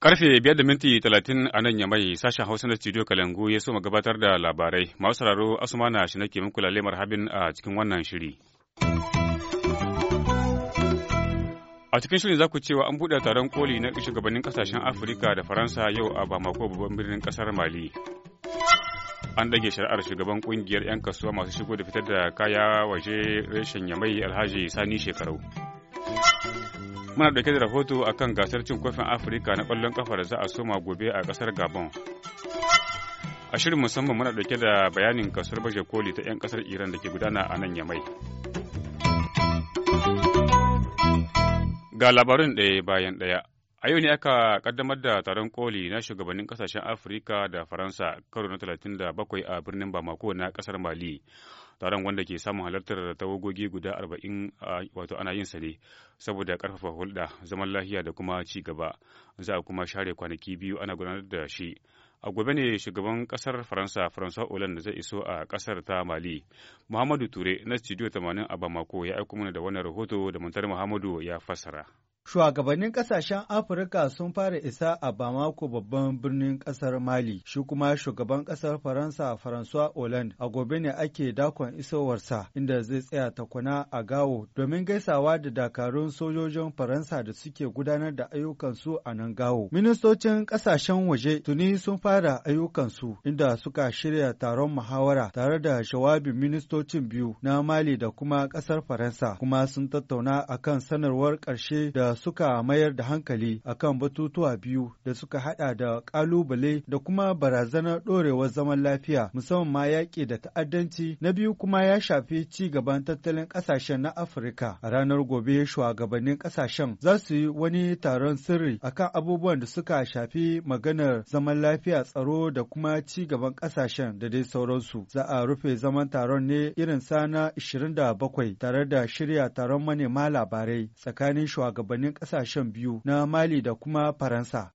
Karfe biyar da minti talatin a nan ya mai sashen Hausa na studio Kalangu ya so gabatar da labarai. Masu sauraro Asumana shi nake muku lalemar habin a cikin wannan shiri. A cikin shirin za ku cewa an buɗe taron koli na shugabannin kasashen Afirka da Faransa yau a Bamako babban birnin ƙasar Mali. An ɗage shari'ar shugaban ƙungiyar 'yan kasuwa masu shigo da fitar da kaya waje reshen yamai alhaji sani shekarau. Muna ɗauke da rahoto a kan gasar cin kofin Afirka na ƙwallon ƙafa da za a soma gobe a ƙasar Gabon. A shirin musamman muna dauke da bayanin kasuwar baje koli ta 'yan ƙasar Iran da ke gudana a nan yamai. Ga labarin ɗaya bayan ɗaya. A yau ne aka kaddamar da taron koli na shugabannin kasashen Afirka da Faransa karo na talatin da bakwai a birnin Bamako na kasar Mali. Taron wanda ke samun halartar tawagogi guda arba'in wato ana yin sa ne saboda karfafa hulɗa, zaman lahiya da kuma ci gaba. Za a kuma share kwanaki biyu ana gudanar da shi. a gobe ne shugaban kasar faransa faransa da zai iso a kasar ta mali muhammadu ture na studio 80 a bamako ya aiko mana da wannan rahoto da muntar muhammadu ya fassara Shugabannin ƙasashen Afirka sun fara isa a Bamako babban birnin ƙasar Mali, shi kuma shugaban ƙasar Faransa François Hollande a gobe ne ake dakon isowarsa inda zai tsaya takwana a gawo domin gaisawa da dakarun sojojin Faransa da suke gudanar da ayyukansu a nan gawo. Ministocin ƙasashen waje tuni sun fara ayyukansu inda suka shirya taron muhawara tare da jawabin ministocin biyu na Mali da kuma ƙasar Faransa kuma sun tattauna akan sanarwar ƙarshe da suka mayar da hankali akan batutuwa biyu da suka hada da kalubale da kuma barazanar dorewar zaman lafiya musamman ma yaƙi da ta'addanci na biyu kuma ya shafi ci gaban tattalin ƙasashen na Afirka. A ranar gobe shugabannin ƙasashen za su yi wani taron sirri akan abubuwan da suka shafi maganar zaman lafiya tsaro da kuma ci gaban ƙasashen da dai sauransu. Za a rufe zaman taron ne irin sana 27 tare da shirya taron manema labarai tsakanin shugabannin shugabannin kasashen biyu na Mali da kuma Faransa.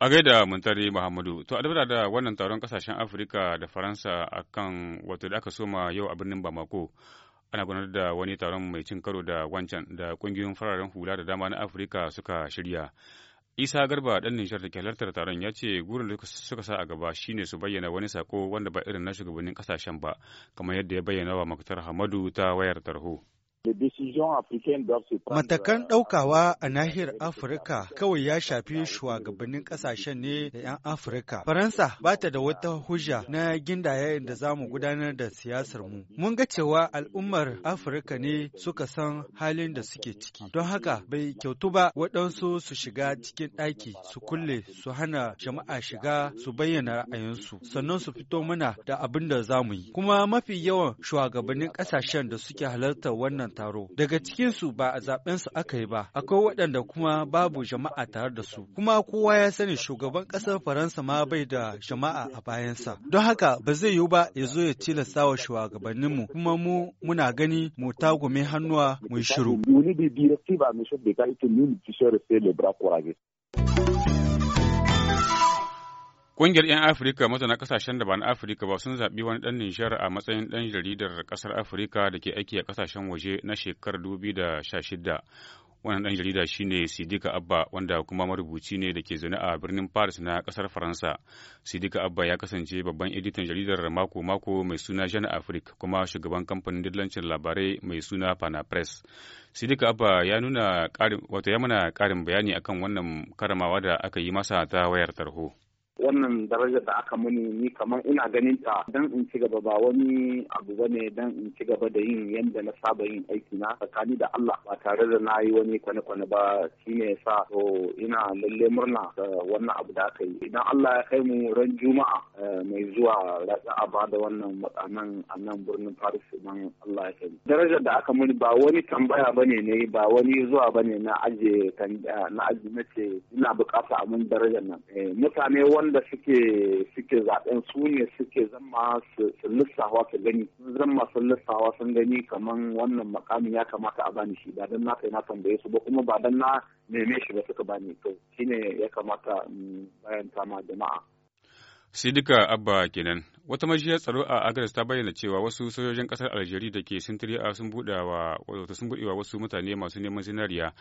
A gaida Muntari Muhammadu, to a da wannan taron kasashen Afirka da Faransa a kan wato da aka soma yau a birnin Bamako, ana gudanar da wani taron mai cin karo da wancan da kungiyoyin fararen hula da dama na Afirka suka shirya. Isa Garba dan Nijar da ke halartar taron ya ce gurin da suka sa a gaba shine su bayyana wani sako wanda ba irin na shugabannin kasashen ba, kamar yadda ya bayyana wa Muktar Hamadu ta wayar tarho. Matakan ɗaukawa euh, a nahiyar Afirka kawai ya shafi shugabannin ƙasashen ne da 'yan Afirka. Faransa ba ta da wata hujja na gindayen da za mu gudanar da siyasar mu. Mun ga cewa al'ummar Afirka ne suka san halin da suke ciki. Don haka bai kyautu ba waɗansu su shiga cikin ɗaki su kulle su hana jama'a shiga su bayyana ra'ayinsu sannan su fito mana da abin da za mu yi. Kuma mafi yawan shugabannin ƙasashen da suke halartar wannan wannan taro. Daga cikinsu ba a zaben su aka yi ba, akwai waɗanda kuma babu jama'a tare da su. Kuma kowa ya sani shugaban ƙasar Faransa ma bai da jama'a a bayansa. Don haka ba zai yiwu ba ya zo ya tilasta wa shugabanninmu kuma mu muna gani mu tagume hannuwa mu yi shiru. Ƙungiyar 'yan Afirka mazana ƙasashen da ba na Afirka ba sun zaɓi wani ɗan Nijar a matsayin ɗan jaridar ƙasar Afirka da ke aiki a ƙasashen waje na shekarar 2016. Wannan ɗan jarida shi ne Sidika Abba wanda kuma marubuci ne da ke zaune a birnin Paris na ƙasar Faransa. Sidika Abba ya kasance babban editan jaridar mako-mako mai suna Jeune Afrique kuma shugaban kamfanin dillancin labarai mai suna Pana Press. Sidika Abba ya nuna wato ya mana ƙarin bayani akan wannan karamawa da aka yi masa ta wayar tarho. wannan darajar da aka muni ni kamar ina ganin ta dan in ci gaba ba wani abu bane dan in ci gaba da yin yanda na saba yin aiki na tsakani da Allah ba tare da na yi wani kwane-kwane ba shine yasa to ina lalle murna da wannan abu da aka yi idan Allah ya kai mu ran juma'a eh, mai zuwa a ba da wannan matsanan a nan birnin Paris idan Allah ya kai darajar da aka muni ba wani tambaya bane ne ba wani zuwa bane na aje na aje ina bukata a mun darajar nan eh, mutane wanda da suke suke zaɓen su ne suke zama su lissawa su gani sun zama sun lissawa sun gani kaman wannan makamin ya kamata a bani shi ba dan na kai na tambaye su ba kuma ba dan na neme shi ba suka bani to shine ya kamata ta ma jama'a Sidika Abba kenan. Wata majiyar tsaro a Agadas ta bayyana cewa wasu sojojin kasar Algeria da ke Sintiriya sun buɗewa wato sun buɗewa wasu mutane masu neman zinariya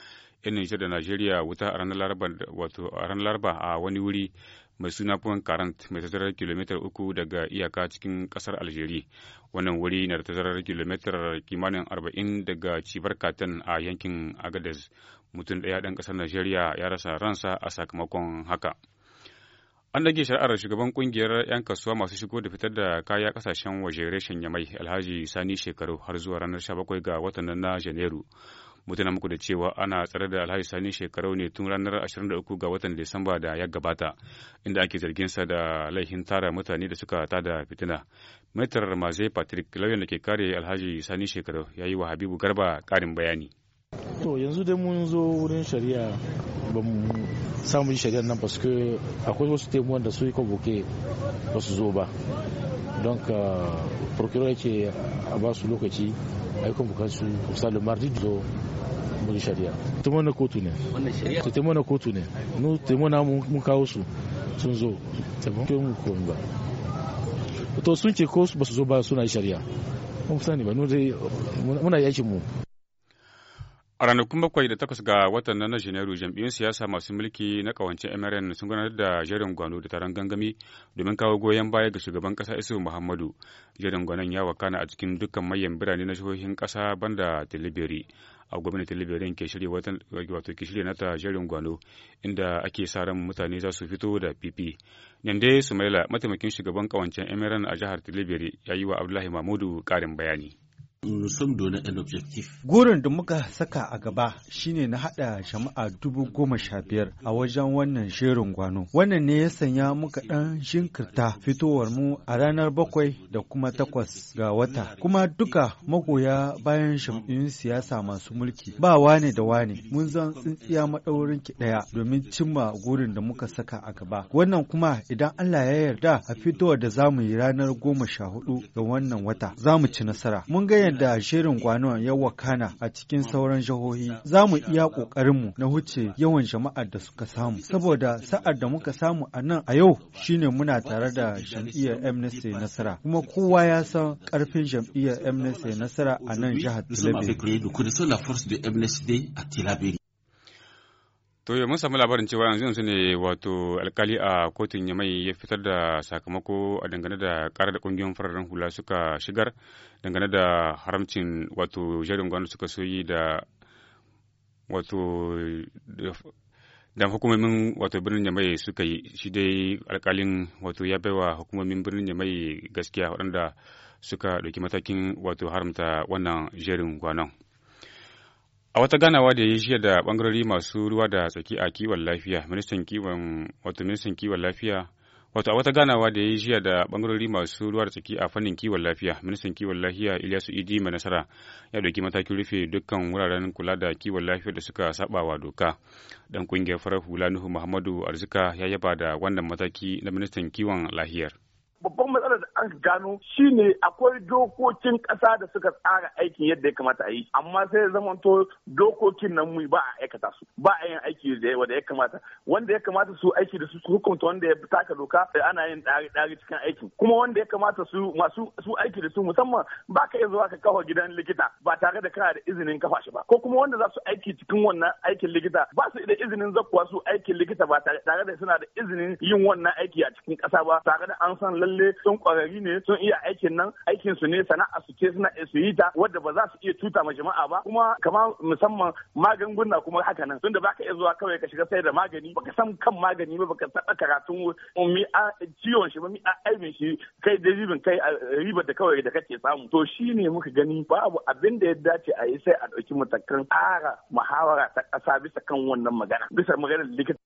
yan Nijar da Najeriya wuta a ranar Laraba wato a ranar Laraba a wani wuri mai suna Point Current mai tazarar kilomitar uku daga iyaka cikin kasar Algeria. Wannan wuri na da tazarar kilomitar kimanin arba'in daga Cibar Katan a yankin Agadez. Mutum ɗaya ɗan ƙasar Najeriya ya rasa ransa a sakamakon haka. An dage shari'ar shugaban kungiyar 'yan kasuwa masu shigo da fitar da kaya kasashen waje reshen yamai Alhaji Sani shekaru har zuwa ranar 17 ga watan nan na Janairu. Mutuna muku da cewa ana tsare da Alhaji Sani shekaru ne tun ranar 23 ga watan Disamba da ya gabata, inda ake zargin sa da laihin tara mutane da suka ta da fitina. Maitar Maze Patrick lauyan da ke kare Alhaji Sani shekaru ya yi wa Habibu Garba karin bayani. To yanzu dai mun zo wurin shari'a ba mu samun shari'ar nan ba su akwai wasu taimuwan da su yi kabuke ba su zo ba don ka euh, procureur yake a ba su lokaci a yi kabukan su misalin mardi zo mun shari'a taimon na kotu ne su taimon na kotu ne nu taimon na mun kawo su sun zo taimon ba to sun ce ko ba su zo ba suna shari'a mun sani ba eh, muna yakin mu A ranakun bakwai da takwas ga watan na Janairu jam'iyyun siyasa masu mulki na kawance MRN sun gudanar da jerin gwano da taron gangami domin kawo goyon baya ga shugaban kasa Isu Muhammadu. Jerin gwanon ya wakana a cikin dukkan manyan birane na shahohin kasa banda Tilibiri. A gwamnati Tilibiri ke shirya wato ke shirya nata jerin gwano inda ake sa ran mutane za su fito da fifi. Nande Sumaila mataimakin shugaban kawancen MRN a jihar Tilibiri ya yi wa Abdullahi Mahmudu karin bayani. Gurin da muka saka a gaba shine na haɗa jama'a dubu goma sha biyar a wajen wannan shirin gwano. Wannan ne ya sanya muka ɗan shinkirta fitowar mu a ranar bakwai da kuma takwas ga wata. Kuma duka magoya bayan jam'iyyun siyasa masu mulki ba wane da wane mun zan tsintsiya maɗaurin ki ɗaya domin cimma gurin da muka saka a gaba. Wannan kuma idan Allah ya yarda a fitowar da zamu yi ranar goma sha hudu ga wannan wata za mu ci nasara. Mun gaya yadda shirin kwanon ya wakana a cikin sauran jihohi za mu iya ƙoƙarinmu na huce yawan jama'ar da suka samu saboda sa'ar da muka samu a nan a yau shine muna tare da jam'iyyar amnesty nasara kuma kowa ya san ƙarfin jam'iyyar amnesty nasara a nan jihar tilabiri To mun samu labarin cewa yanzu yanzu ne wato alkali a kotun Yamai ya fitar da sakamako a dangane da karar da kungiyoyin fararen hula suka shigar dangane da haramcin wato jerin gwanu suka soyi da wato dan hukumomin wato birnin Yamai suka yi shi dai alkalin wato ya baiwa hukumomin birnin Yamai gaskiya waɗanda suka ɗauki matakin wato haramta wannan jerin gwanon. A wata ganawa da ya yi jiya da bangarori masu ruwa da tsaki a kiwon lafiya, ministan kiwon wato ministan kiwon lafiya wato a wata ganawa da ya yi jiya da bangarori masu ruwa da tsaki a fannin kiwon lafiya, ministan kiwon lafiya Ilyasu Idi mai nasara ya dauki matakin rufe dukkan wuraren kula da kiwon lafiya da suka saba wa doka. Dan kungiyar farar hula Nuhu Muhammadu Arzika ya yaba da wannan mataki na ministan kiwon lafiyar. babban matsalar da an gano shine akwai dokokin ƙasa da suka tsara aikin yadda ya kamata a yi amma sai ya zamanto dokokin nan mu ba a aikata su ba a yin aiki da wanda ya kamata wanda ya kamata su aiki da su su hukunta wanda ya taka doka eh, ana yin dari dari cikin aiki. kuma wanda ya kamata su masu su aiki da su musamman ba ka iya zuwa ka kafa gidan likita ba tare da kana da izinin kafa shi ba ko kuma wanda za su aiki cikin wannan aikin likita ba su da izinin zakkuwa su aikin likita ba tare da suna da izinin yin wannan aiki a cikin ƙasa ba tare da an san lalle sun kwararri ne sun iya aikin nan aikin su ne sana'a su ce suna su yi ta wadda ba za su iya tuta ma jama'a ba kuma kamar musamman magunguna kuma haka nan tunda baka iya zuwa kawai ka shiga sai da magani baka san kan magani ba baka san karatun mi a ciwon shi ba mi a aibin shi kai da ribin kai a ribar da kawai da kake samu to shine muka gani babu abin da ya dace a yi sai a ɗauki matakan ƙara muhawara ta kasa bisa kan wannan magana bisa maganar likita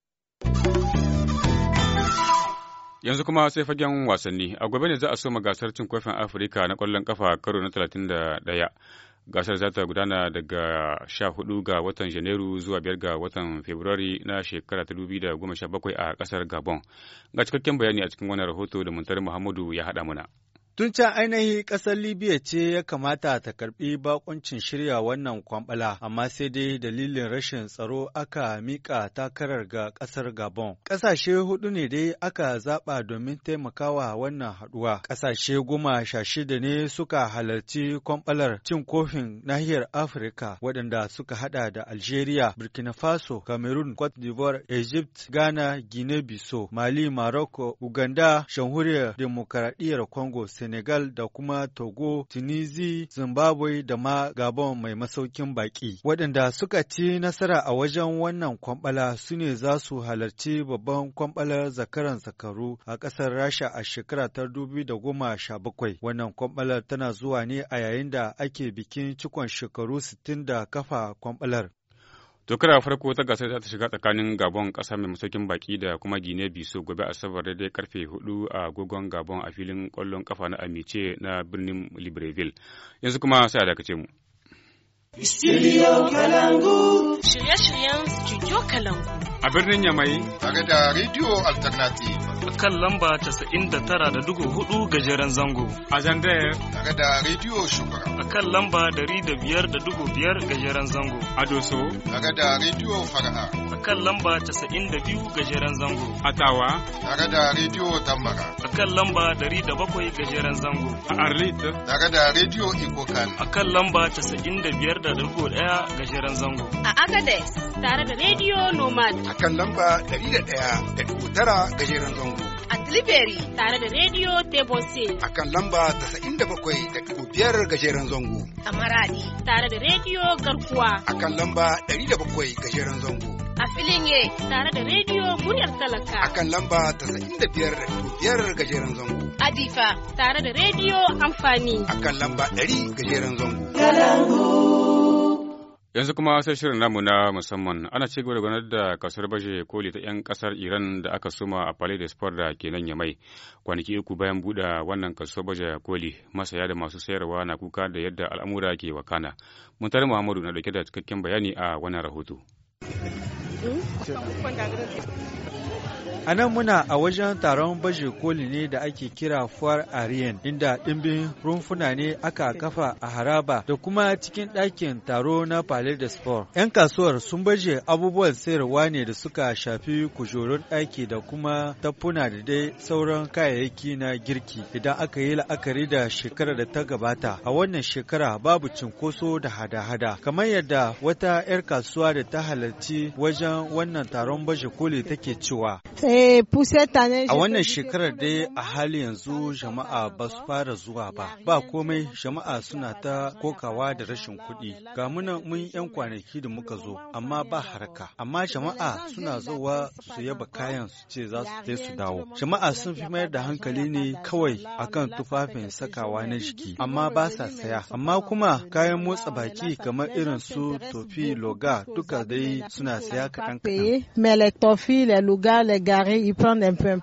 Yanzu kuma sai fagen wasanni. A gobe ne za a soma gasar cin kofin Afirka na kwallon kafa karo na 31. Gasar za ta gudana daga 14 ga watan Janairu zuwa 5 ga watan Fabrairu na shekara 2017 a kasar Gabon. Ga cikakken bayani a cikin wannan rahoto da Muntari Muhammadu ya haɗa muna. Tun can ainihi ƙasar Libya ce ya kamata ta karɓi bakuncin shirya wannan kwambala, amma sai dai dalilin rashin tsaro aka miƙa takarar ga ƙasar Gabon. Ƙasashe hudu ne dai aka zaɓa domin taimakawa wannan haɗuwa. Ƙasashe goma sha shida ne suka halarci kwambalar cin kofin nahiyar Afirka waɗanda suka haɗa da Algeria, Burkina Faso, Cameroon, Cote d'Ivoire, Egypt, Ghana, Guinea-Bissau, Mali, Morocco, Uganda, Jamhuriyar Demokaradiyyar Congo, Senegal da kuma Togo, Tunisi, Zimbabwe da ma Gabon mai masaukin baƙi. Waɗanda suka ci nasara a wajen wannan kwambala su ne za su halarci babban kwambalar zakaran zakaru a ƙasar Rasha a shekara ta bakwai. Wannan kwambalar tana zuwa ne a yayin da ake bikin cikon shekaru sittin da kafa kwambalar. Dokar farko ta gasar za ta shiga tsakanin Gabon ƙasa mai masaukin baki da kuma Gine Biso gobe Asabar daidai karfe 4 a agogon Gabon a filin ƙwallon kafa na Amice na birnin Libreville. Yanzu kuma sai a dakace mu. Studio Kalangu. Shirye-shiryen Studio Kalangu. a birnin Yamai. Tare da Radio Alternative. A kan lamba tara da hudu gajeren zango. A Zandaya. Tare da Radio Shugaba. A kan lamba dari da biyar da biyar gajeren zango. A Doso. Tare da Radio Fara'a. A kan lamba 92 gajeren zango. A Tawa. Tare da Radio Tambara. A kan lamba dari da bakwai gajeren zango. A Arlit. Tare da Radio Ikokan. A kan lamba 95.1 biyar da gajeren zango. A Agades. Tare da Radio Nomad. a kan lamba 100.9 gajeren zango. A Tilbury tare da Radio Tebose. A kan lamba 97.5 gajeren zango. A Maradi tare da Radio Garkuwa. A kan lamba 107 gajeren zango. A filin tare da Radio Muryar Talaka. A kan lamba 95.5 gajeren zango. A Difa tare da Radio Amfani. A kan lamba 100 gajeren zango. Galangu. Yanzu kuma sai shirin namu na musamman ana ci gaba da gwanar da kasar baje koli ta 'yan kasar Iran da aka suma a Palais de Sport da ke nan Yamai. Kwanaki uku bayan buɗe wannan kasuwar baje koli masaya da masu sayarwa na kuka da yadda al'amura ke wakana. Muntar Muhammadu na dauke da cikakken bayani a wannan rahoto. Hmm? A nan muna a wajen taron baje koli ne da ake kira fuwar Ariyan, inda ɗimbin rumfuna ne aka kafa a haraba da kuma cikin ɗakin taro na Palais de Sport. 'Yan kasuwar sun baje abubuwan sayarwa ne da suka shafi kujerun ɗaki da kuma tafuna da dai sauran kayayyaki na girki. Idan aka yi la'akari da shekarar da ta gabata, a wannan shekara babu cinkoso da hada-hada. Kamar yadda wata 'yar kasuwa da ta halarci wajen wannan taron baje koli take cewa. Eh, a wannan shekarar dai a hali yanzu jama'a ba su fara zuwa ba, ba komai jama'a suna ta kokawa da rashin kuɗi. Ga muna mun 'yan kwanaki da muka zo, amma ba harka. Amma jama'a suna zuwa su yaba kayan su ce za su je su dawo. Jama'a sun fi mayar da hankali ne kawai a kan tufafin sakawa na jiki, amma ba sa saya. Amma kuma kayan motsa baki kamar irin su tofi loga duka dai suna saya kaɗan kaɗan.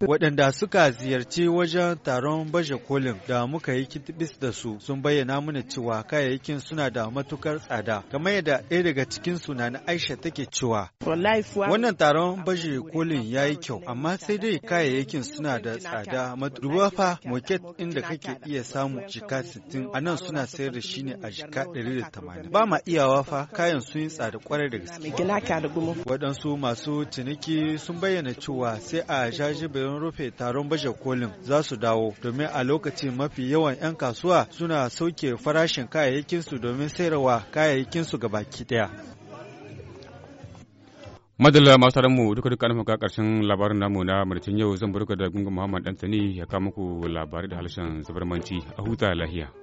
Waɗanda suka ziyarci wajen taron baje kolin da muka yi kitibis da su sun bayyana mana cewa kayayyakin suna da matukar tsada. Kamar yadda ɗaya daga cikin suna na Aisha take cewa. Wannan taron baje kolin ya yi kyau amma sai dai kayayyakin suna da tsada. Duba fa moket inda kake iya samu jika 60 a nan suna sayar da shi ne a jika 180. Ba ma iyawa fa kayan sun yi tsada kwarai da gaske. Waɗansu masu ciniki sun bayyana cewa sai a jajibirin rufe taron baje kolin za su dawo domin a lokaci mafi yawan 'yan kasuwa suna sauke farashin kayayyakinsu domin sayarwa kayayyakinsu ga baki daya. madalla masu tarin mu duka duka nufin karshen labarin namu na martin yau zan burka da gungun muhammad dantani ya kawo muku labarai da harshen zubarmanci a huta lahiya